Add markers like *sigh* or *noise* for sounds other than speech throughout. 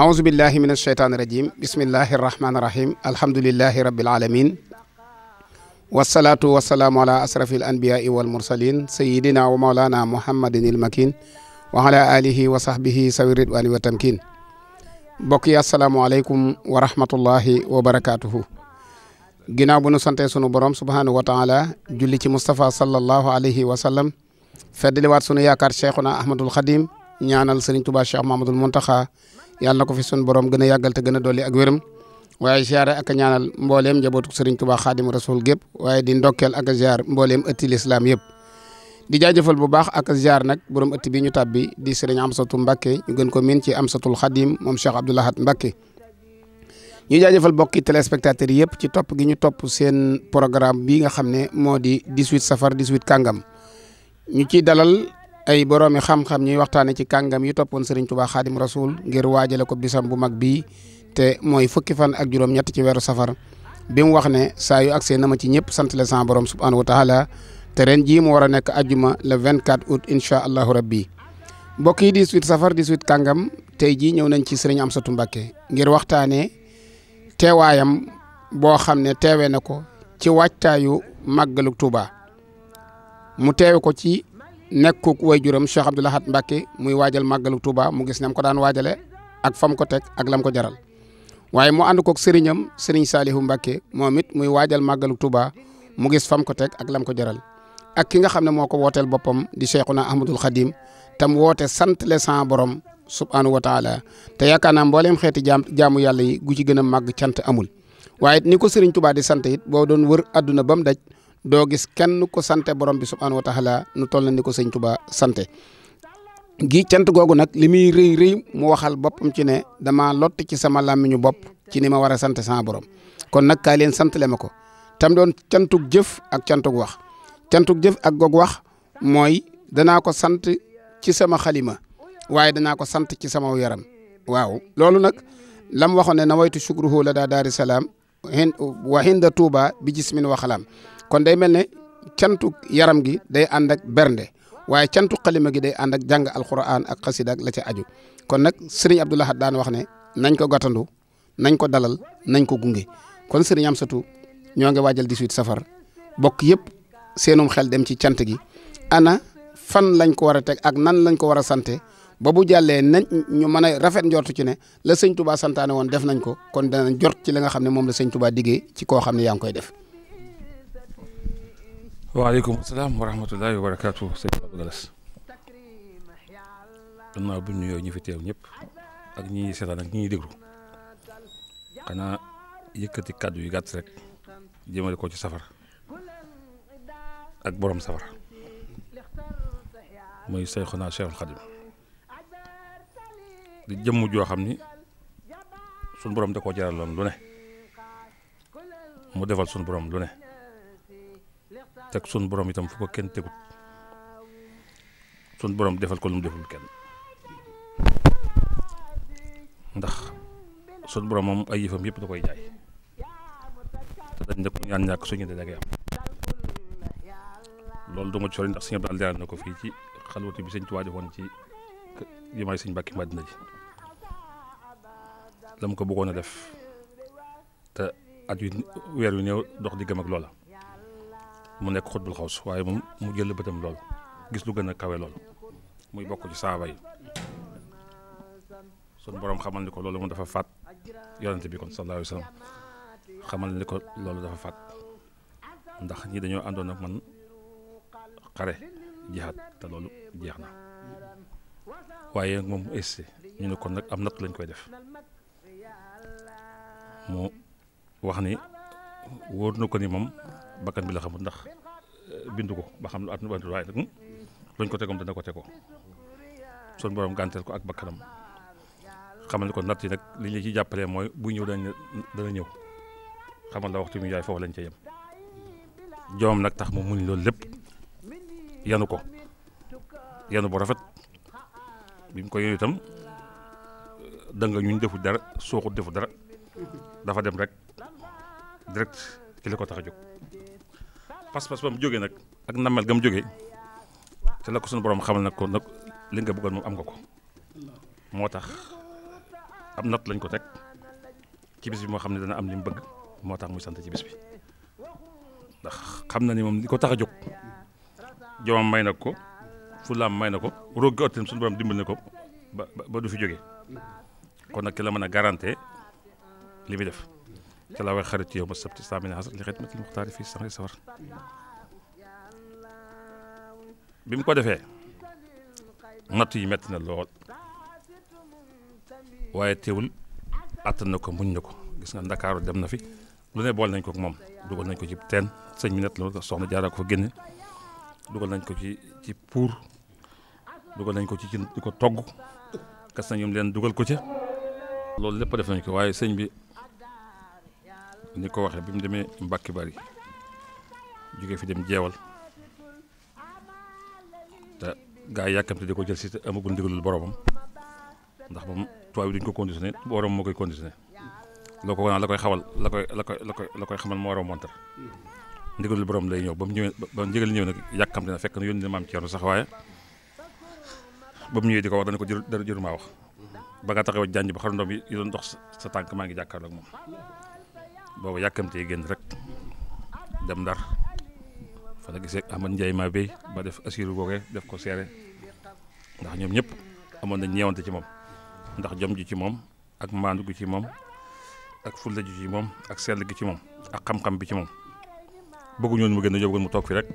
أعوذ بالله من الشيطان الرجيم بسم الله الرحمن الرحيم الحمد لله رب العالمين والصلاة والسلام على أشرف الأنبياء والمرسلين سيدنا ومولانا محمد المكين وعلى آله وصحبه سوي الرضوان والتمكين bokk yi asalaamaaleykum wa rahmatullahi wa barakaatuhu ginnaaw bu nu sante sunu borom subhaanahu wa taala julli ci Moustapha sallallahu alayhi wa sallam feddaliwaat sunu yaakaar cheikhuna Ahmadul Xadim ñaanal sëriñ Tuubaa Cheikh Mahamadul Muntaxa yàlla na ko fi sun borom gën a yàggal te gën a ak wéram waaye ziare ak a ñaanal mbooleem njabootu Serigne Touba Xaadim Rasul gépp waaye di ndokkeel ak a ziar mbooleem ëtti lislaam yëpp di jaajëfal bu baax ak ziar nag borom ëtt bi ñu tàbbi di Serigne Amsatu Mbakke ñu gën ko miin ci Amsatul Xadim moom Cheikh Abdoul Ahad Mbakke ñu jaajëfal bokki téléspectateurs yëpp ci topp gi ñu topp seen programme bii nga xam ne moo di 18 safar 18 kàngam ñu ciy dalal ay boroomi xam-xam ñuy waxtaane ci kàngam yi toppoon Serigne Touba Khadim Rasoul ngir waajale ko bisam bu mag bii te mooy fukki fan ak juróom-ñett ci weeru safar bi mu wax ne saa yu agsee na ma ci ñëpp sant la sama borom subhaanahu wa taala te ren jii mu war a nekk ajjuma le 24 août incha allahu rabbi mbokk yi 18 safar 18 kangam tey jii ñëw nañ ci Serigne Amsatou Mbacké ngir waxtaanee teewaayam boo xam ne teewee na ko ci waajtaayu màggalu Touba mu teewe ko nekkuk waajuram Cheikh Abdou Lahad Mbacké muy waajal màggalu Touba mu gis ne ko daan waajale ak fam ko teg ak lam ko jaral waaye mu ànd koog seriñam sëriñ Saalihu Mbacké moom it muy waajal màggalu Touba mu gis fam ko teg ak lam ko jaral ak ki nga xam ne moo ko wooteel boppam di Cheikhuna Ahmadul Khadim tam woote sant le sant borom subhanahu wa taala te yaakaar naa mbooleem xeeti jaam jaamu yàlla yi gu ci gën a màgg cant amul waaye ni ko sëriñ Touba di sant it boo doon wër àdduna ba mu daj doo gis kenn ko sante borom bi subhaanahu wa taala nu toll na ni ko sëñ Tuubaa sante gi cant googu nag li muy rëy rëy mu waxal boppam ci ne dama lott ci sama làmmiñu bopp ci ni ma war sante sama borom kon nag kaay leen sant le ma ko tam doon cantug jëf ak cantug wax cantug jëf ak goog wax mooy danaa ko sant ci sama xalima waaye danaa ko sant ci sama yaram waaw loolu nag lam waxoon ne na waytu shukruhu la daa daari salaam wa hinda tuuba bi jismin wa xalaam kon day mel ne cantu yaram gi day ànd ak bernde waaye cantu xalima gi day ànd ak jàng alxuraan ak xasida ak la ca aju kon nag sëriñ Abdou Lahad daan wax ne nañ ko gàttandu nañ ko dalal nañ ko gunge kon sëriñ Amsatou ñoo ngi waajal 18 safar bokk yëpp seenum xel dem ci cant gi ana fan lañ ko war a teg ak nan lañ ko war a sante ba bu jàllee nañ ñu mën a rafet njortu ci ne la sëñ Touba santaane woon def nañ ko kon danañ jort ci li nga xam ne moom la sëñ Touba ci koo xam ne yaa ngi koy def waaleykum salaam wa rahmatullahi wa barakaatu sëñ Abdou Galass gannaaw bu nuyoo ñu fi teew ak ñi ñuy seetaan ak ñi ñuy déglu xanaa yëkkati kàddu yu gàtt rek jëmale ko ci safar ak borom safar mooy Seyxuna Cheikhul Xadim di jëmm joo xam ni sunu borom da koo jaraloon lu ne mu defal sunu borom lu teg sunu borom itam fu ko kenn tegut sunu borom defal ko lu mu deful kenn ndax sunu borom moom ay yëfam yëpp da koy jaay te dañ ne ku ñaan ñàkk suñu ne da ngay am loolu duma ci sori ndax sëñ daal daal na ko fii ci xalwati bi sëñ Tuubaa defoon ci jumaay sëñ Mbàkke Madina ji la mu ko bëggoon a def te at yu weer yu néew dox diggam loola. mu nekk xutbul xaws waaye moom mu jël bëtam lool gis lu gën a kawe lool muy bokk ci saaba yi sun boroom xamal ni ko loolu moom dafa faat yonente bi kon sallallahu alayhi wa sallam xamal ni ko loolu dafa faat ndax ñi dañoo àndoon ak man xare jihaat te loolu jeex na waaye moom esti ñu ne kon nag am natt lañ koy def mu wax ni wóor na ko ni moom bakkan bi la xamul ndax euh, bindu ko ba xam lu at nu bantu waaye nag hmm, luñ ko tegoom dana ko tegoo borom gànteel ko ak bakkanam xamal ne ko natt yi nag li ñu ci jàppalee mooy bu ñëw dañ dana ñëw xamal la waxtu mu yaay foofu lañ ca yem joom nag tax mu muñ loolu lépp yanu ko yanu bu rafet bi mu ko yenu itam euh, danga ñuñ defu dara sooxut defu dara dafa dem rek direct ci li ko tax a jóg pas-pas ba mu jógee nag ak namel ga mu jógee te la ko suñu borom xamal nag ko nag li nga bëggoon moom am nga ko moo tax am natt lañ ko teg ci bis bi moo xam ne dana am li mu bëgg moo tax muy sant ci bis bi ndax xam na ni moom li ko tax a jóg jomam may nag ko fulaam may na ko roog gi ottam suñu borom dimbal na ko ba ba du fi jóge kon nag ki la mën a garante li muy def. تلاوة خرجت يوم السبت الساعة من العصر لخدمة المختار fii sax li sawar bi mu ko defee natt yi metti na lool waaye teewul àttan na ko muñ na ko gis nga ndakaaru dem na fi lu ne bool nañ ko moom dugal nañ ko ci teen sëñ bi nett la soxna jaaraa ko fa génne dugal nañ ko ci ci puur dugal nañ ko ci di ko togg kas nañ ñoom leen dugal ko ci loolu lépp def nañ ko waaye sëñ bi ni ko waxee bi mu demee Mbàkke Bari jóge fi dem jeewal te gaa yi di ko jël si te amagul ndigalul boromam ndax moom tubaab yi duñ ko conditionné borom moo koy conditionné loo ko wanaan la koy xawal la koy la koy la koy la koy xamal moo war a montar borom lay ñëw ba mu ñëwee ba ndigal ñëw nag yàkkamte na fekk na yónni na maam Thierno sax waaye ba mu ñëwee di ko wax dana ko jëru dara jëru maa wax ba nga taxaw janj ba xarandoom yi ndox dox sa tànk maa ngi jàkkaarloo ak moom boobu yàkkamtee génn rek dem ndar fan la gisee Ahmad Ndiaye ma béy ba def asiru googee def ko seere ndax ñoom ñëpp amoon na ñeewante ci moom ndax jom ji ci moom ak maandu gi ci moom ak fulla ji ci moom ak sell gi ci moom ak xam-xam bi ci moom bëgguñu woon mu génn ñoo bëggoon mu toog fi rek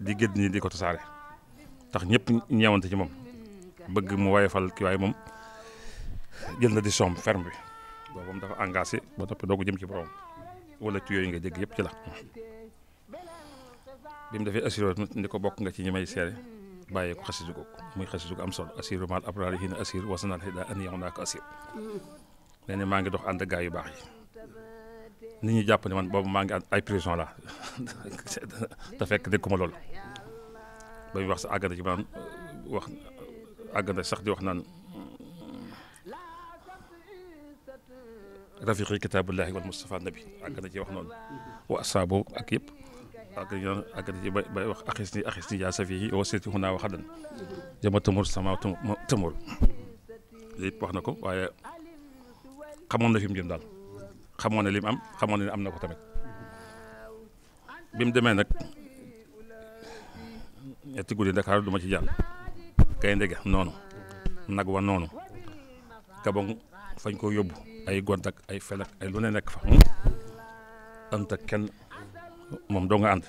di gédd ni di ko tax ñëpp ñeewante ci moom bëgg mu wayefal ki waaye moom jël na di soom ferm bi boobu dafa engagé ba noppi doo ko jëm ci borom. wala ci yooyu nga dégg yëpp ci la bi mu defee assiro ni ko bokk nga ci ñi may seere bàyyee ko xasidu ko muy xasidu ko am sol assiru maal abrar yi na assir wasanal xëy daa andi yow naa ko assir maa ngi dox ànd ak yu baax yi nit ñi jàpp ne boobu maa ngi ay prison la *laughs* te fekk dégg ko ma loolu ba muy wax sa àggante ci sax di wax naan rafiqi kitaabullahi wal mustafa nabi a na ci wax noonu wa asaabu ak yëpp àgg na àgg na ci bay wax axis ni axis ni yaa safihi wa sirti hunaa wa xadan jama tëmur sama tëmur yëpp wax na ko waaye xamoon na fi mu jëm daal xamoon na li mu am xamoon na ne am na ko tamit bi mu demee nag ñetti guddi Dakar du ma ci jàll kay ndege noonu nag wa noonu gabon fañ koo yóbbu ay gont ay fel ak ay lu ne nekk fa hmm? ànd ak kenn moom doo nga ànd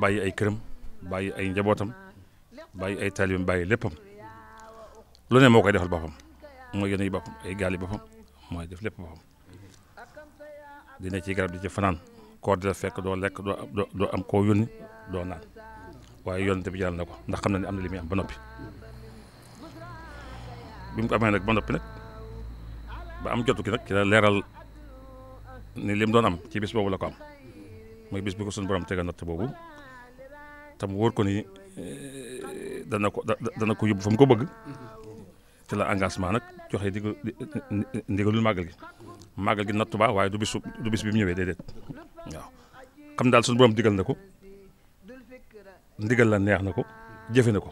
bàyyi ay këram bàyyi ay njabootam bàyyi ay taalibam bàyyi léppam lu moo koy defal boppam mooy yéen yi boppam ay gaal yi boppam mooy def lépp boppam dina ci garab di ci fanaan koor di la fekk doo lekk doo doo am koo yónni doo naan waaye yónnte bi jaral na ko ndax xam na ne am na li am ba noppi bi mu ko amee nag ba noppi nag ba am jotu ki nag ci la leeral ni lim doon am ci biss boobu la ko am mooy bis bi ko suñu borom tegal natt boobu tam wóor ko ni eh, dana ko dana ko yóbbu fa ko bëgg ci la engagement nag joxe di ndigalul gi màggal gi nattu baa waaye du bisu bi mu ñëwee déedéet waaw xam daal suñu borom digal na ko ndigal la neex na ko jëfe na ko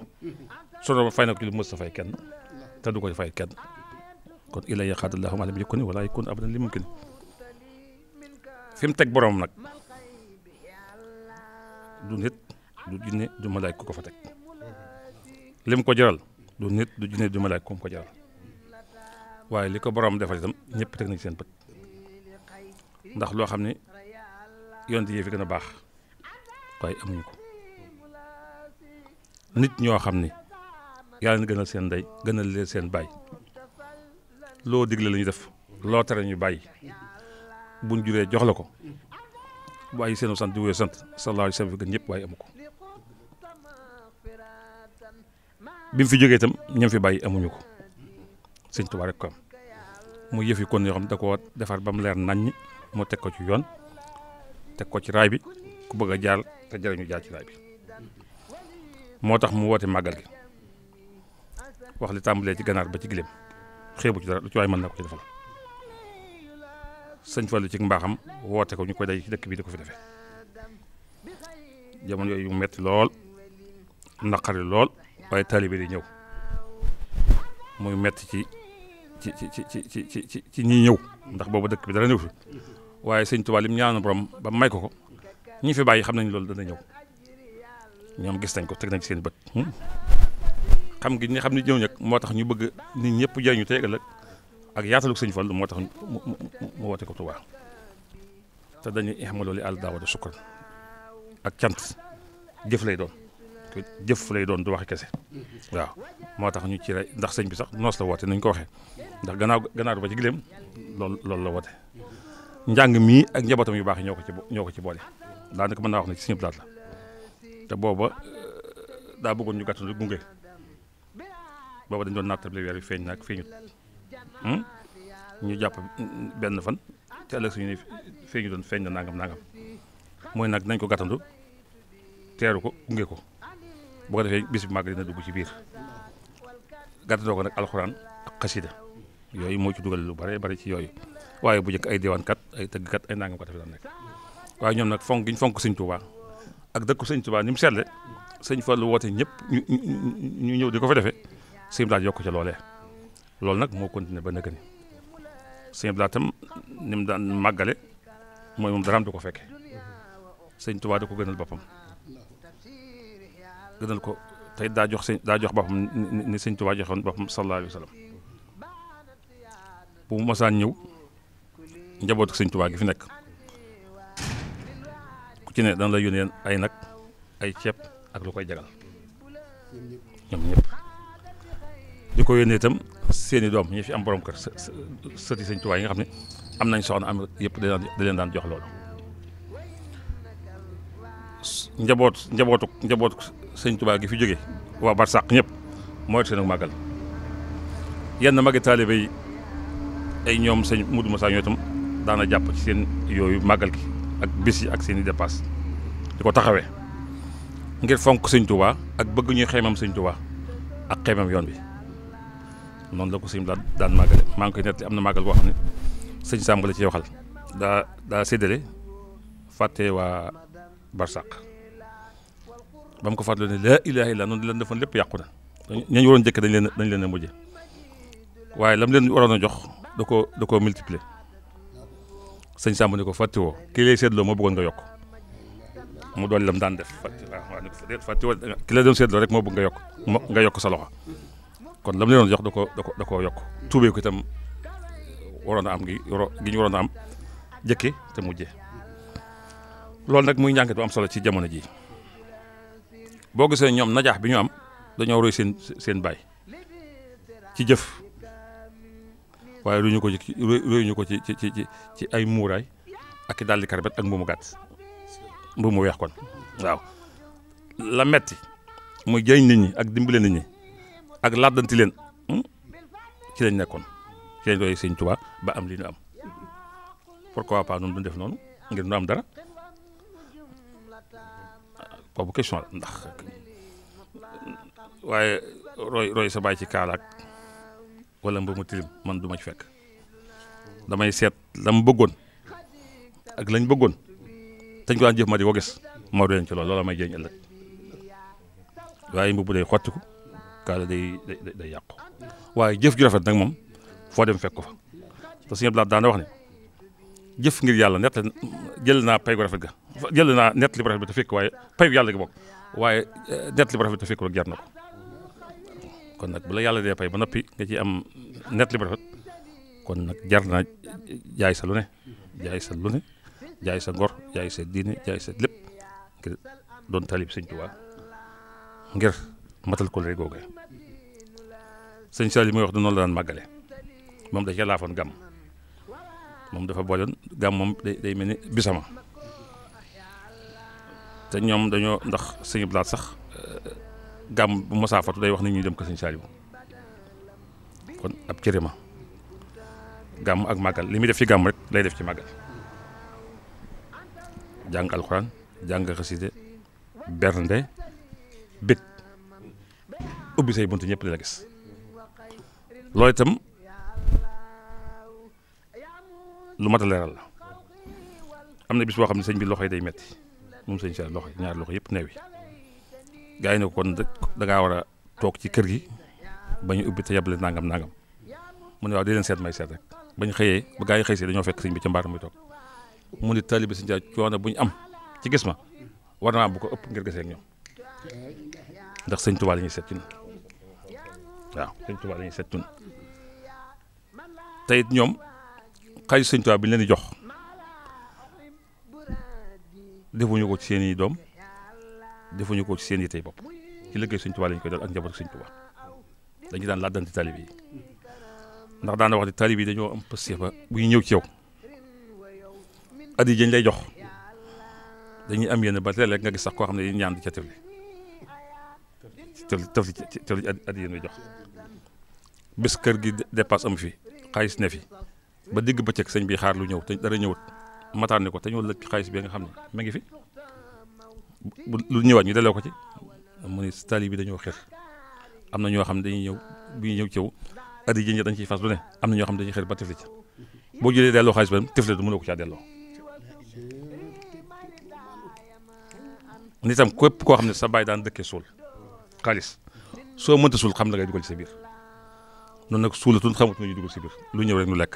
suñu borom fay na ko kenn te du ko fay kenn kon ilay yaxaat allahuma alam yakuni wala yakun abadan li mumkin fi mu teg borom nag du nit du jinne du malaayka ko fa teg li ko jaral du nit du jinne du malaayka ko ko jaral waaye li ko borom defal itam ñëpp teg nañ seen bët ndax loo xam ne yonent yi fi gën a baax waaye amuñu ko nit ñoo xam ne yàlla na gënal seen ndey gënal leen seen baay. loo digle la def loo tere ñu bàyyi buñ juree jox la ko waaye seenu sant di wéy sant sallallahu alayhi wa sallam ñëpp waaye amu ko bi mu fi jógee tam ñam fi bàyyi amuñu ko sëñ Tuubaa rek ko am mu yëf kon yoo xam ne da koo defar ba mu leer naññ moo teg ko ci yoon teg ko ci raay bi ku bëgg a jaar te jariñu jaar ci raay bi moo tax mu woote màggal gi wax li tàmbalee ci ganaar ba ci gileem xeebu ci dara du ci waay man na ko ci defal sëñ Fallu ci mbaaxam woote ko ñu koy day ci dëkk bi di ko fi defee jamono yooyu metti lool naqari lool waaye taalibe di ñëw muy metti ci ci ci ci ci ci ci ci ñii ñëw ndax boobu dëkk bi dara ñëw fi waaye sëñ Tuubaa lim borom ba may ko ko ñi fi bàyyi xam nañ loolu dana ñëw ñoom gis nañ ko teg nañ ci seen bët. xam gi ñu xam ne ñëw nag moo tax ñu bëgg nit ñëpp te tey ëllëg ak yaatalu sëñ Fallu moo tax mu woote ko Tuubaa te dañuy ihmalu li àll daawada sukkur ak cant jëf lay doon jëf lay doon du waxi kese waaw moo tax ñu ci rey ndax sëñ bi sax noos la woote nañ ko waxee ndax gannaaw gannaaw ba ci gileem loolu loolu la woote njàng mii ak njabootam yu baax ñoo ko ci ñoo ko ci boole daanaka mën naa wax ne ci suñu plaat la te booba daa bëggoon ñu gàttal gunge. booba dañ doon nattable weer wi feeñ na hmm? jàpp benn fan te ëllëg suñu ne feeñu doon feeñ na nangam nangam mooy nag nañ ko gàttandu teeru ko gunge ko boo ko defee bis bi màgg dina dugg ci biir gàttandoo ko nag alxuraan ak xasida yooyu moo ci dugal lu bare bari ci yooyu waaye bu jëkk ay diwaankat ay tëggkat ay nangam kat dafa daan nekk waaye ñoom nag fonk gi fonk sëñ Touba ak dëkku sëñ Touba ni mu seetle sëñ Fallou woote ñëpp ñu ñu ñëw di ko fa defee. sëñ Blaat yokk ca loole loolu nag moo continué ba nëgëni sëñ Blaat tam ni mu daan màggale mooy moom daraam du ko fekke sëñ Tuubaa da ko gënal boppam gënal ko tey daa jox sëñ daa jox boppam ni sëñ Tuubaa joxoon boppam sallallahu alayhi wa sallam bu mu masaan ñëw njabootu sëñ Tuubaa gi fi nekk ku ci ne dana la yónnee ay nag ay ceeb ak lu koy jagal ñoom ñëpp. di ko yónnee itam seeni doom ñi fi am borom kër sëti sëñ Tuubaa yi nga xam ne am nañ soxna am yëpp da leen daan jox loolu njaboot njabootuk njabootuk sëñ Tuubaa gi fi jóge waa barsàq ñëpp moo seen ak màggal yenn magi taalibe yi ay ñoom sëñ Mudu Masa ñoo itam daana jàpp ci seen yooyu màggal gi ak bis yi ak seeni i dépasse ko taxawee ngir fonk sëñ Tuubaa ak bëgg ñuy xeymam sëñ Tuubaa ak xeymam yoon bi noonu la ko sëñ bi daan daan màggale maa ngi koy nettali am na màggal boo xam ne la ciy waxal daa daa séddale fàtte waa Barsàq ba ko fàttaloo ne laa ilaaha illa noonu leen defoon lépp yàqu na ñañ waroon jëkk dañ leen dañ leen a mujje waaye lam leen waroon a jox da ko da koo multiplier sëñ Samba ne ko fàtte woo kii lay seetloo moo nga yokk mu doon lam daan def fàtte waaw waaw ki la doon seetloo rek moo bëgg nga yokk nga kon lam leen doon jox da ko da koo da koo yokk tuubee ko itam waroon a am gi gi waroon am jëkke te mu mujje loolu nag muy njàngat solo ci jamono ji boo gisee ñoom najaax bi ñu am dañoo roy seen seen baay ci jëf waaye royuñu ko ci royuñu ko ci ci ci ci ay muuraay ak i daldi karbet ak mbuumu gàtt mbuumu weex kon waaw la metti muy jëriñ nit ñi ak dimbale nit ñi ak làddanti leen hmm? ci lañ nekkoon ci lañ doy sëñ Tuubaa ba am li duñ def noonu ngir nu am dara kooku question la ndax waaye roy roy sa baay ci kaalaak wala mba mu tilim man du ma ci fekk damay seet la bëggoon ak lañ bëggoon dañ ko daan jëf ma di ko gis moo doon ci loolu loola may jëriñ ëllëg waaye mbubb day xottiku kaala day day day yàqu waaye jëf ju rafet moom foo dem fekk ko fa te suñu blaat daana wax ne jëf ngir yàlla nett jël naa pay gu rafet ga jël naa nett li bu rafet bi te fekk waaye pay yàlla gi bokk waaye eh, nett li bu rafet te fekk jar na ko kon nag bu yàlla dee pay ba noppi nga ciy am nett li bu rafet kon nag jar naa jaay sa lu ne jaay sa lu ne jaay sa ngor jaay sa diine sa lépp doon talib sëñ Tuubaa ngir matal ko rek googu sëñ Saaliw muy wax du noonu la daan màggale moom da ca laafoon gàmm moom dafa booleen gàmm moom day mel ni bisama te ñoom dañoo ndax sëñ Blaat sax euh, gàmm bu masaa fatu day wax ni ñuy dem ko sëñ Saaliw kon ab ma gàmm ak màggal li muy def ci gàmm rek lay def ci màggal jàng alxuraan jàng xaside bernde bét ubbi say bunt ñëpp di la gis loolu itam lu mat leeral la am na bis boo xam ne sëñ bi loxo yi day metti moom sëñ Cheikh loxo ñaar loxo yëpp neewi gaa yi ne ko kon da ngaa war a toog ci kër gi bañ ñu ubbi te yabale nangam nangam mu ne waaw di leen seet may seet rek ba ñu xëyee ba gaa yi xëy si dañoo fekk sëñ bi ca mbaar muy toog mu ne taalibe sëñ Cheikh coono bu ñu am ci gis ma war naa am bu ko ëpp ngir gisee ak ñoom ndax sëñ Tuubaa la seet ci ñun waaw sëñ Tuubaa dañuy settun te it ñoom xayu sëñ Tuubaa leen di jox defuñu ko ci seen i doom defuñu ko ci seen i tey bopp ci liggéey sëñ Tuubaa lañ koy dal ak njabootu sëñ Tuubaa dañu daan laajante taalib yi ndax daana wax ne taalib yi dañoo am pëstéef ba ñëw ci yow addi jañ lay jox dañuy am yenn ba léeg-léeg nga gis sax koo xam ne ñaan di ca tëfli tëfli tëfli addi yéen lay jox bés kër gi dépasse am fi xaalis ne fi ba digg bëccëg sëñ bi xaar lu ñëw tañ dara ñëwut mataan ni ko te ñoo lëkk xaalis bi nga xam ne ma ngi fi lu ñëwaat ñu delloo ko ci mu ne bi dañoo xër am na ñoo xam ne dañuy ñëw bu ñëw ci yow addi ji dañ ciy fas lu am na ñoo xam ne dañuy ba tifli ci boo jëlee delloo xaalis ba tifli du mënoo ko caa delloo tam ko koo xam ne sa baay daan dëkkee suul xaalis soo mënta suul xam la ngay dugal ci sa biir noonu nag suulatul xamut nu ñu dugal si biir lu ñëw rek nu lekk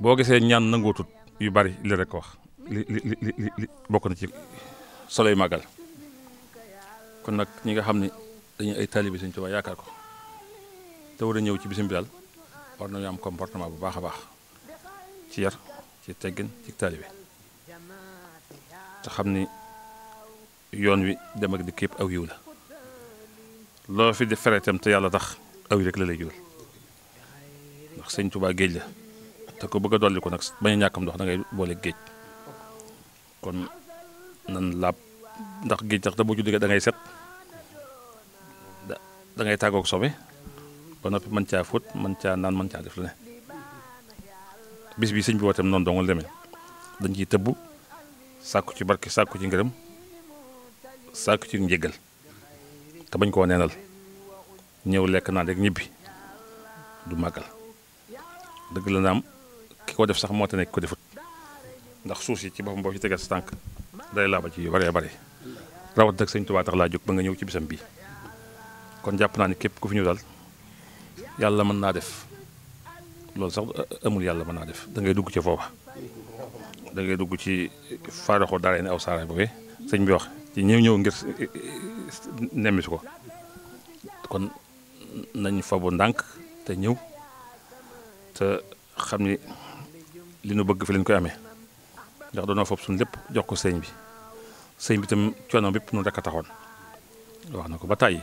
boo gisee ñaan nangootut yu bari li rek ko wax li li li li bokk na ci soloy màggal kon nag ñi nga xam ni dañuy ay taalibi Sëñ Tuubaa yaakaar ko te war a ñëw ci bisim bi daal war nañu am comportement bu baax a baax ci yar ci teggin ci taalibi te xam ni yoon wi dem ak dikk yëpp aw yiw la loo fi di fereetam te yàlla tax aw yi rek la lay jural ndax sëñ Tuubaa géej la te ko bëgg a dolli ko nag bañ a ñàkkam ndox da ngay boole géej kon nan laab ndax géej tax da boo ci duggee da ngay set dangay ngay tàggoog ba noppi mën caa fóot mën caa naan mën caa def lu ne bis bi sëñ bi wooteem noonu dongul demee dañ ciy tëbb sàkku ci barke sàkku ci ngërëm sàkku ci njëggal te bañ koo neenal ñëw lekk naan rek ñibbi du màggal dëgg la naam ki ko def sax moo te nekk ko defut ndax suuf si ci boppam boo ci tegal sa tànk day laaba ci yu bëree bëri rawat nag sëñ Tuubaa laa jóg ba nga ñëw ci bisam bi kon jàpp naa ni képp ku fi ñëw daal yàlla mën naa def loolu sax amul yàlla mën naa def dangay dugg ci foofa da ngay dugg ci faaraxoo daara ne aw saara boobee sañ bi wax ci ñëw ñëw ngir eh, eh, nemmisu ko nañ fabu ndànk te ñëw te xam ni li nu bëgg fi lañ koy amee ndax doonoo fab suñ lépp jox ko sëñ bi sëñ bi tam coono bépp nu rekk a taxoon wax na ko ba tàyyi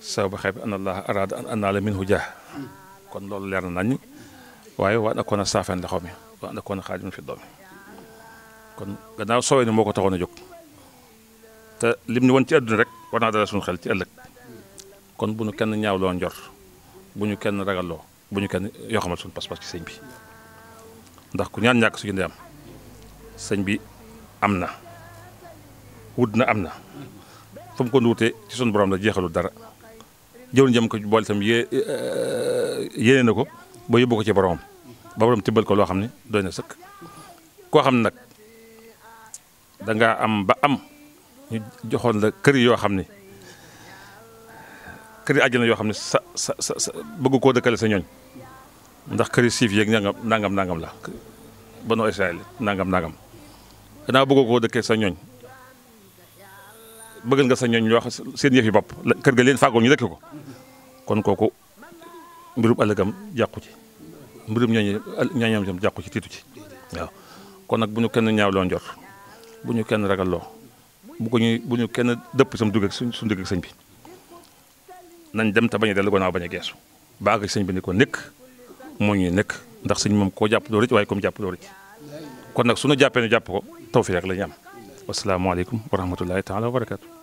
sababa xay bi an allah arada an anala minhu jah kon loolu leer na nañ waaye waa nakoon a saafen la xaw mi waa nakoon a xaadimin fi doomi kon gannaaw soowee ni moo ko taxoon a jóg te lim ni woon ci àdduna rek war naa dala suñu xel ci ëllëg kon bu ñu kenn ñaawloo njor bu ñu kenn ragaloo bu ñu kenn yoo xamal suñu pas-pas ci sëñ bi ndax ku ñaan ñàkk su jëndee am sëñ bi am na wut na am na fa mu ko wutee ci suñu borom la jeexalu dara jëwriñ jëm ko boole itam yé yéene na ko ba yóbbu ko ci boromam ba borom tibbal ko loo xam ne doy na sëkk koo xam nag danga am ba am ñu joxoon la kër yoo xam ne kër yi àjjana yoo xam ne sa sa sa bëgg koo dëkkale sa ñooñ ndax këri siif yeeg nangam nangam nangam la banu Israël nangam nangam gannaaw bëgg koo dëkkee sa ñooñ bëggal nga sa ñooñ yoo xam seen yëf yi bopp kër ga leen fàggoo ñu dëkk ko kon kooku mbirum ëllëgam jàqu ci mbirum ñooñu ñooñam tam jàqu ci tiitu ci waaw kon nag bu ñu kenn ñaaw loo njor bu ñu kenn ragal loo bu ko ñuy bu ñu kenn dëpp sam dugg ak suñ suñ dugg ak sëñ bi nañ dem te bañ a dellu gannaaw bañ a geesu baax sëñ bi ni ko nekk moo ñuy nekk ndax sëñ moom koo jàpp doo rëcc waaye comme jàpp doo kon nag su ñu jàppee ñu jàpp ko tawfiq rek la ñu am. wasalaamaaleykum wa rahmatullahi taala wa barakaatu.